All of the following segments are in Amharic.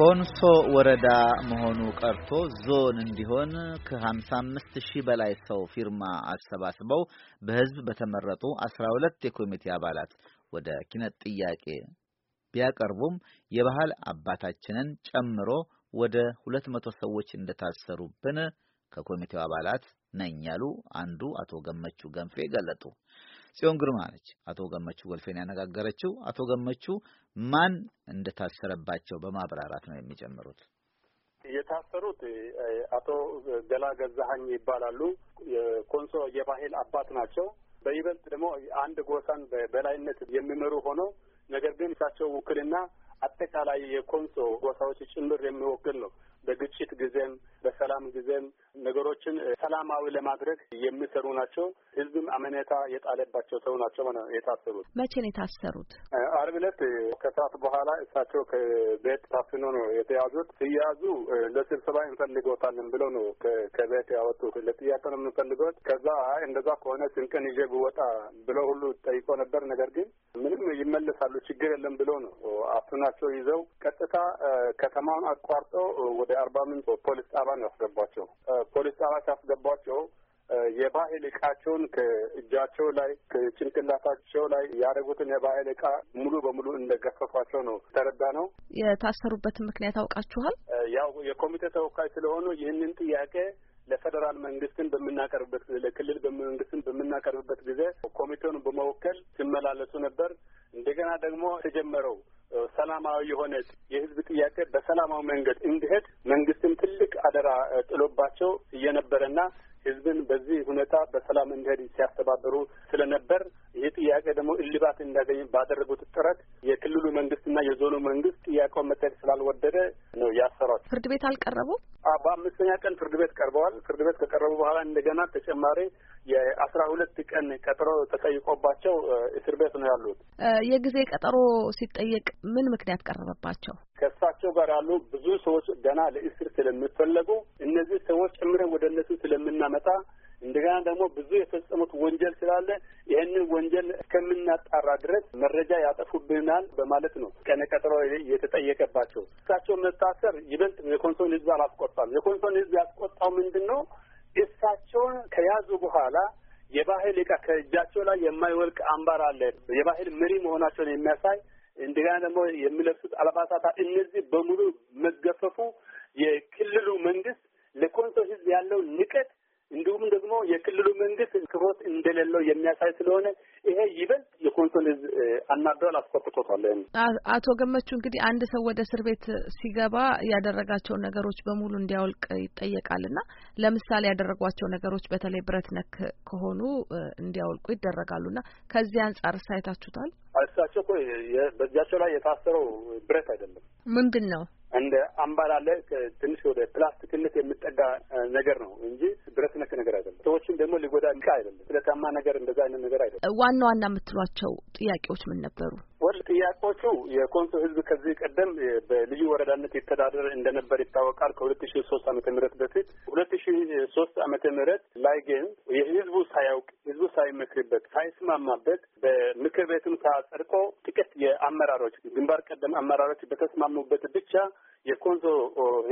ኮንሶ ወረዳ መሆኑ ቀርቶ ዞን እንዲሆን ከ55 ሺህ በላይ ሰው ፊርማ አሰባስበው በህዝብ በተመረጡ 12 የኮሚቴ አባላት ወደ ኪነት ጥያቄ ቢያቀርቡም የባህል አባታችንን ጨምሮ ወደ 200 ሰዎች እንደታሰሩብን ከኮሚቴው አባላት ነኝ ያሉ አንዱ አቶ ገመቹ ገንፌ ገለጡ። ጽዮን ግርማ ነች አቶ ገመቹ ጎልፌን ያነጋገረችው። አቶ ገመቹ ማን እንደታሰረባቸው በማብራራት ነው የሚጀምሩት። የታሰሩት አቶ ገላ ገዛሀኝ ይባላሉ። የኮንሶ የባህል አባት ናቸው። በይበልጥ ደግሞ አንድ ጎሳን በላይነት የሚመሩ ሆነው ነገር ግን እሳቸው ውክልና አጠቃላይ የኮንሶ ጎሳዎች ጭምር የሚወክል ነው። በግጭት ጊዜም በሰላም ጊዜም ነገሮችን ሰላማዊ ለማድረግ የሚሰሩ ናቸው። ህዝብም አመኔታ የጣለባቸው ሰው ናቸው የታሰሩት። መቼ ነው የታሰሩት? አርብ ዕለት ከሰዓት በኋላ እሳቸው ከቤት ታፍኖ ነው የተያዙት። ሲያዙ ለስብሰባ እንፈልጎታለን ብለው ነው ከቤት ያወጡት። ለጥያቄ ነው የምንፈልገው። ከዛ እንደዛ ከሆነ ስንቅን ይዤ ብወጣ ብለው ሁሉ ጠይቆ ነበር። ነገር ግን ምንም ይመለሳሉ ችግር የለም ብሎ ነው አፍናቸው ይዘው ቀጥታ ከተማውን አቋርጠው ወደ አርባ ምንጭ ፖሊስ ጣባ ነው ያስገቧቸው። ፖሊስ ጣባ ሲያስገቧቸው የባህል እቃቸውን ከእጃቸው ላይ ከጭንቅላታቸው ላይ ያደረጉትን የባህል እቃ ሙሉ በሙሉ እንደገፈፏቸው ነው ተረዳ ነው። የታሰሩበትን ምክንያት አውቃችኋል? ያው የኮሚቴ ተወካይ ስለሆኑ ይህንን ጥያቄ ለፌዴራል መንግስትን በምናቀርብበት ጊዜ ለክልል መንግስትን በምናቀርብበት ጊዜ ኮሚቴውን በመወከል ሲመላለሱ ነበር። እንደገና ደግሞ ተጀመረው ሰላማዊ የሆነ የህዝብ ጥያቄ በሰላማዊ መንገድ እንዲሄድ መንግስትም ትልቅ አደራ ጥሎባቸው እየነበረና ህዝብን በዚህ ሁኔታ በሰላም እንዲሄድ ሲያስተባበሩ ስለነበር ይህ ጥያቄ ደግሞ እልባት እንዳገኝ ባደረጉት ጥረት የክልሉ መንግስትና የዞኑ መንግስት ጥያቄውን መታየት ስላልወደደ ነው ያሰሯት። ፍርድ ቤት አልቀረቡም። በአምስተኛ ቀን ፍርድ ቤት ቀርበዋል። ፍርድ ቤት ከቀረቡ በኋላ እንደገና ተጨማሪ የአስራ ሁለት ቀን ቀጠሮ ተጠይቆባቸው እስር ቤት ነው ያሉት። የጊዜ ቀጠሮ ሲጠየቅ ምን ምክንያት ቀረበባቸው? ከእሳቸው ጋር ያሉ ብዙ ሰዎች ገና ለእስር ስለሚፈለጉ እነዚህ ሰዎች ጨምረን ወደ እነሱ ስለምናመጣ እንደገና ደግሞ ብዙ የፈጸሙት ወንጀል ስላለ ይህንን ወንጀል እስከምናጣራ ድረስ መረጃ ያጠፉብናል በማለት ነው ቀነ ቀጠሮ የተጠየቀባቸው። እሳቸው መታሰር ይበልጥ የኮንሶን ሕዝብ አላስቆጣም። የኮንሶን ሕዝብ ያስቆጣው ምንድን ነው? እሳቸውን ከያዙ በኋላ የባህል እቃ ከእጃቸው ላይ የማይወልቅ አምባር አለ። የባህል መሪ መሆናቸውን የሚያሳይ እንደገና ደግሞ የሚለብሱት አልባሳታ እነዚህ በሙሉ መገፈፉ የክልሉ መንግስት ለኮንሶ ህዝብ ያለው ንቀት እንዲሁም ደግሞ የክልሉ መንግስት ክሮት እንደሌለው የሚያሳይ ስለሆነ አናደዋል፣ አስቆጥቶታል። አቶ ገመቹ እንግዲህ አንድ ሰው ወደ እስር ቤት ሲገባ ያደረጋቸውን ነገሮች በሙሉ እንዲያወልቅ ይጠየቃል እና ለምሳሌ ያደረጓቸው ነገሮች በተለይ ብረት ነክ ከሆኑ እንዲያወልቁ ይደረጋሉ እና ከዚህ አንጻር እሳይታችሁታል? እሳቸው እኮ በእጃቸው ላይ የታሰረው ብረት አይደለም። ምንድን ነው እንደ አለ ትንሽ ወደ ፕላስቲክነት የሚጠጋ ነገር ነው እንጂ ብረት ነክ ነገር አይደለም። ሰዎችን ደግሞ ሊጎዳ አይደለም። ስለታማ ነገር እንደዛ አይነት ነገር አይደለም። ዋና ዋና የምትሏቸው ጥያቄዎች ምን ነበሩ? ወር ጥያቄዎቹ የኮንሶ ህዝብ ከዚህ ቀደም በልዩ ወረዳነት ይተዳደር እንደነበር ይታወቃል። ከሁለት ሺ ሶስት አመተ ምህረት በፊት ሁለት ሺ ሶስት አመተ ምህረት ላይ ግን የህዝቡ ሳያውቅ ህዝቡ ሳይመክርበት ሳይስማማበት በምክር ቤትም ሳጸድቆ ጥቂት የአመራሮች ግንባር ቀደም አመራሮች በተስማሙበት ብቻ የኮንሶ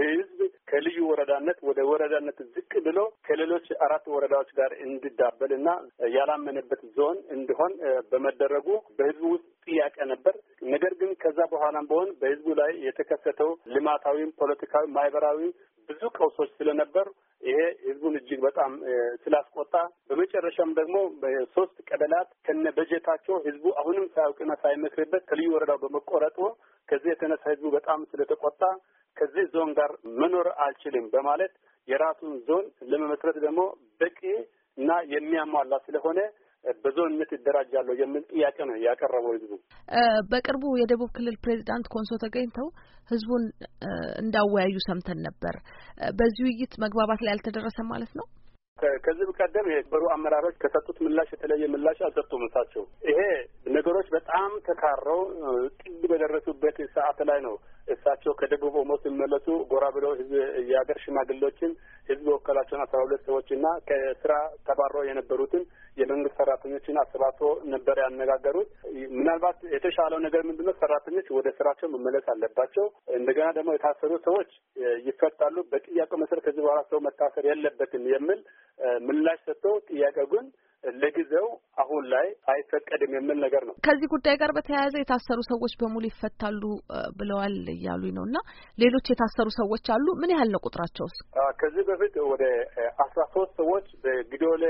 ህዝብ ከልዩ ወረዳነት ወደ ወረዳነት ዝቅ ብሎ ከሌሎች አራት ወረዳዎች ጋር እንዲዳበልና ያላመነበት ዞን እንዲሆን በመደረጉ እያቀ ነበር። ነገር ግን ከዛ በኋላም በሆን በህዝቡ ላይ የተከሰተው ልማታዊም፣ ፖለቲካዊ፣ ማህበራዊ ብዙ ቀውሶች ስለነበሩ ይሄ ህዝቡን እጅግ በጣም ስላስቆጣ በመጨረሻም ደግሞ በሶስት ቀበላት ከነ በጀታቸው ህዝቡ አሁንም ሳያውቅና ሳይመክርበት ከልዩ ወረዳው በመቆረጡ ከዚህ የተነሳ ህዝቡ በጣም ስለተቆጣ ከዚህ ዞን ጋር መኖር አልችልም በማለት የራሱን ዞን ለመመስረት ደግሞ በቂ እና የሚያሟላ ስለሆነ በዞንነት ይደራጃለሁ የሚል ጥያቄ ነው ያቀረበው ህዝቡ። በቅርቡ የደቡብ ክልል ፕሬዚዳንት ኮንሶ ተገኝተው ህዝቡን እንዳወያዩ ሰምተን ነበር። በዚህ ውይይት መግባባት ላይ አልተደረሰም ማለት ነው? ከዚህ ቀደም የነበሩ አመራሮች ከሰጡት ምላሽ የተለየ ምላሽ አልሰጡም። እሳቸው ይሄ ነገሮች በጣም ተካረው ጥግ በደረሱበት ሰዓት ላይ ነው እሳቸው ከደቡብ ኦሞ ሲመለሱ ጎራ ብለው የሀገር ሽማግሌዎችን ህዝብ ወከላቸውን አስራ ሁለት ሰዎችና ከስራ ተባረው የነበሩትን የመንግስት ሰራተኞችን አሰባስቦ ነበር ያነጋገሩት። ምናልባት የተሻለው ነገር ምንድነው? ሰራተኞች ወደ ስራቸው መመለስ አለባቸው። እንደገና ደግሞ የታሰሩ ሰዎች ይፈታሉ። በጥያቄው መሰረት ከዚህ በኋላ ሰው መታሰር የለበትም የሚል ምላሽ ሰጥቶ ጥያቄው ግን ለጊዜው አሁን ላይ አይፈቀድም የሚል ነገር ነው። ከዚህ ጉዳይ ጋር በተያያዘ የታሰሩ ሰዎች በሙሉ ይፈታሉ ብለዋል እያሉኝ ነው እና ሌሎች የታሰሩ ሰዎች አሉ። ምን ያህል ነው ቁጥራቸውስ? ከዚህ በፊት ወደ አስራ ሶስት ሰዎች በጊዶሌ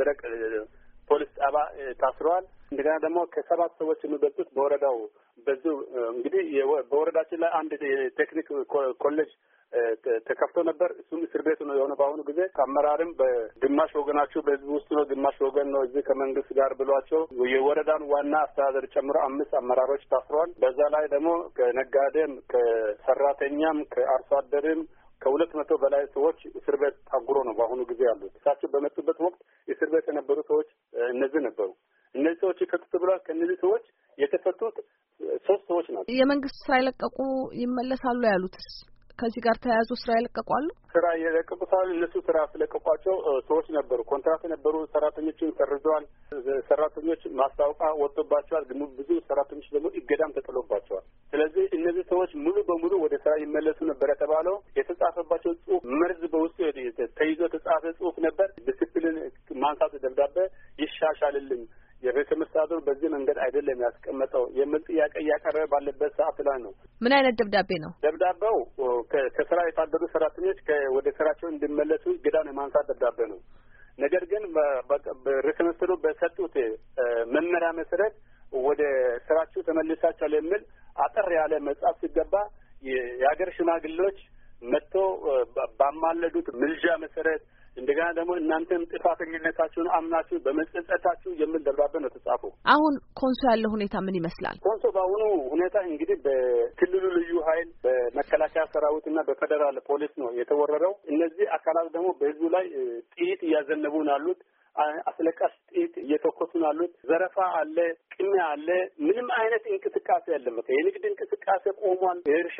ደረቅ ፖሊስ ጣባ ታስረዋል። እንደገና ደግሞ ከሰባት ሰዎች የሚበልጡት በወረዳው በዙ እንግዲህ በወረዳችን ላይ አንድ ቴክኒክ ኮሌጅ ተከፍቶ ነበር። እሱም እስር ቤት ነው የሆነ በአሁኑ ጊዜ አመራርም በግማሽ ወገናቸው በህዝብ ውስጥ ነው፣ ግማሽ ወገን ነው እዚህ ከመንግስት ጋር ብሏቸው የወረዳን ዋና አስተዳደር ጨምሮ አምስት አመራሮች ታስረዋል። በዛ ላይ ደግሞ ከነጋዴም ከሰራተኛም ከአርሶ አደርም ከሁለት መቶ በላይ ሰዎች እስር ቤት ታጉሮ ነው በአሁኑ ጊዜ ያሉት። እሳቸው በመጡበት ወቅት እስር ቤት የነበሩ ሰዎች እነዚህ ነበሩ። እነዚህ ሰዎች ይፈቱት ብሏል። ከእነዚህ ሰዎች የተፈቱት ሶስት ሰዎች ናቸው። የመንግስት ስራ ይለቀቁ ይመለሳሉ ያሉትስ ከዚህ ጋር ተያያዙ ስራ ይለቀቋሉ። ስራ የለቀቁ እነሱ ስራ ስለቀቋቸው ሰዎች ነበሩ። ኮንትራት የነበሩ ሰራተኞችን ሰርዘዋል። ሰራተኞች ማስታወቂያ ወጥቶባቸዋል። ግን ብዙ ሰራተኞች ደግሞ እገዳም ተጥሎባቸዋል። ስለዚህ እነዚህ ሰዎች ሙሉ በሙሉ ወደ ስራ ይመለሱ ነበር። አይደለም ያስቀመጠው የሚል ጥያቄ እያቀረበ ባለበት ሰዓት ላይ ነው። ምን አይነት ደብዳቤ ነው? ደብዳቤው ከስራ የታገዱ ሰራተኞች ወደ ስራቸው እንዲመለሱ ግዳን የማንሳት ደብዳቤ ነው። ነገር ግን ርዕሰ መስተዳድሩ በሰጡት መመሪያ መሰረት ወደ ስራችሁ ተመልሳችኋል የሚል አጠር ያለ መጽሐፍ ሲገባ የሀገር ሽማግሌዎች መጥቶ ባማለዱት ምልጃ መሰረት እንደገና ደግሞ እናንተም ጥፋተኝነታችሁን አምናችሁ በመጸጸታችሁ የሚል ደብዳቤ ነው ተጻፉ። አሁን ኮንሶ ያለው ሁኔታ ምን ይመስላል? ኮንሶ በአሁኑ ሁኔታ እንግዲህ በክልሉ ልዩ ኃይል በመከላከያ ሰራዊት እና በፌዴራል ፖሊስ ነው የተወረረው። እነዚህ አካላት ደግሞ በህዝቡ ላይ ጥይት እያዘነቡ ነው ያሉት። አስለቀስ ጥይት እየተኮሱ ነው ያሉት። ዘረፋ አለ፣ ቅሚያ አለ። ምንም አይነት እንቅስቃሴ የለም። የንግድ እንቅስቃሴ ቆሟል። የእርሻ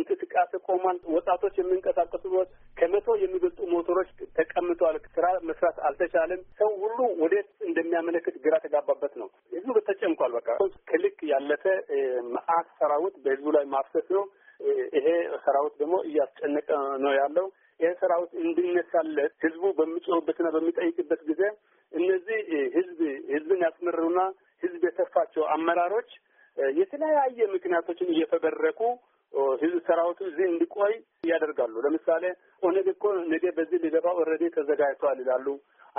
እንቅስቃሴ ቆሟል። ወጣቶች የሚንቀሳቀሱበት ከመቶ የሚበልጡ ሞተሮች ተቀምጠዋል። ስራ መስራት አልተቻለም። ሰው ሁሉ ወዴት እንደሚያመለክት ግራ ተጋባበት ነው። ህዝቡ ተጨንቋል። በቃ ክልክ ያለፈ መዓት ሰራዊት በህዝቡ ላይ ማፍሰስ ነው። ይሄ ሰራዊት ደግሞ እያስጨነቀ ነው ያለው። ይህ ሰራዊት እንዲነሳለት ህዝቡ በሚጮህበትና በሚጠይቅበት ጊዜ እነዚህ ህዝብ ህዝብን ያስመረሩና ህዝብ የተፋቸው አመራሮች የተለያየ ምክንያቶችን እየፈበረኩ ህዝብ ሰራዊቱ እዚህ እንዲቆይ ያደርጋሉ። ለምሳሌ ኦነግ እኮ ነገ በዚህ ሊገባ ኦልሬዲ ተዘጋጅተዋል ይላሉ።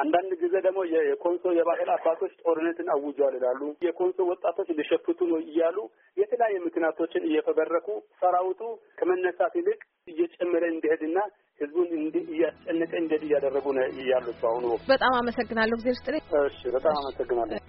አንዳንድ ጊዜ ደግሞ የኮንሶ የባህል አባቶች ጦርነትን አውጀዋል ይላሉ። የኮንሶ ወጣቶች ሊሸፍቱ ነው እያሉ የተለያየ ምክንያቶችን እየፈበረኩ ሰራዊቱ ከመነሳት ይልቅ እየጨመረ እንዲሄድና ህዝቡን እንዲህ እያስጨነቀ እንደዚህ እያደረጉ ነው ያሉት በአሁኑ ወቅት። በጣም አመሰግናለሁ ጊዜ ውስጥ። እሺ፣ በጣም አመሰግናለሁ።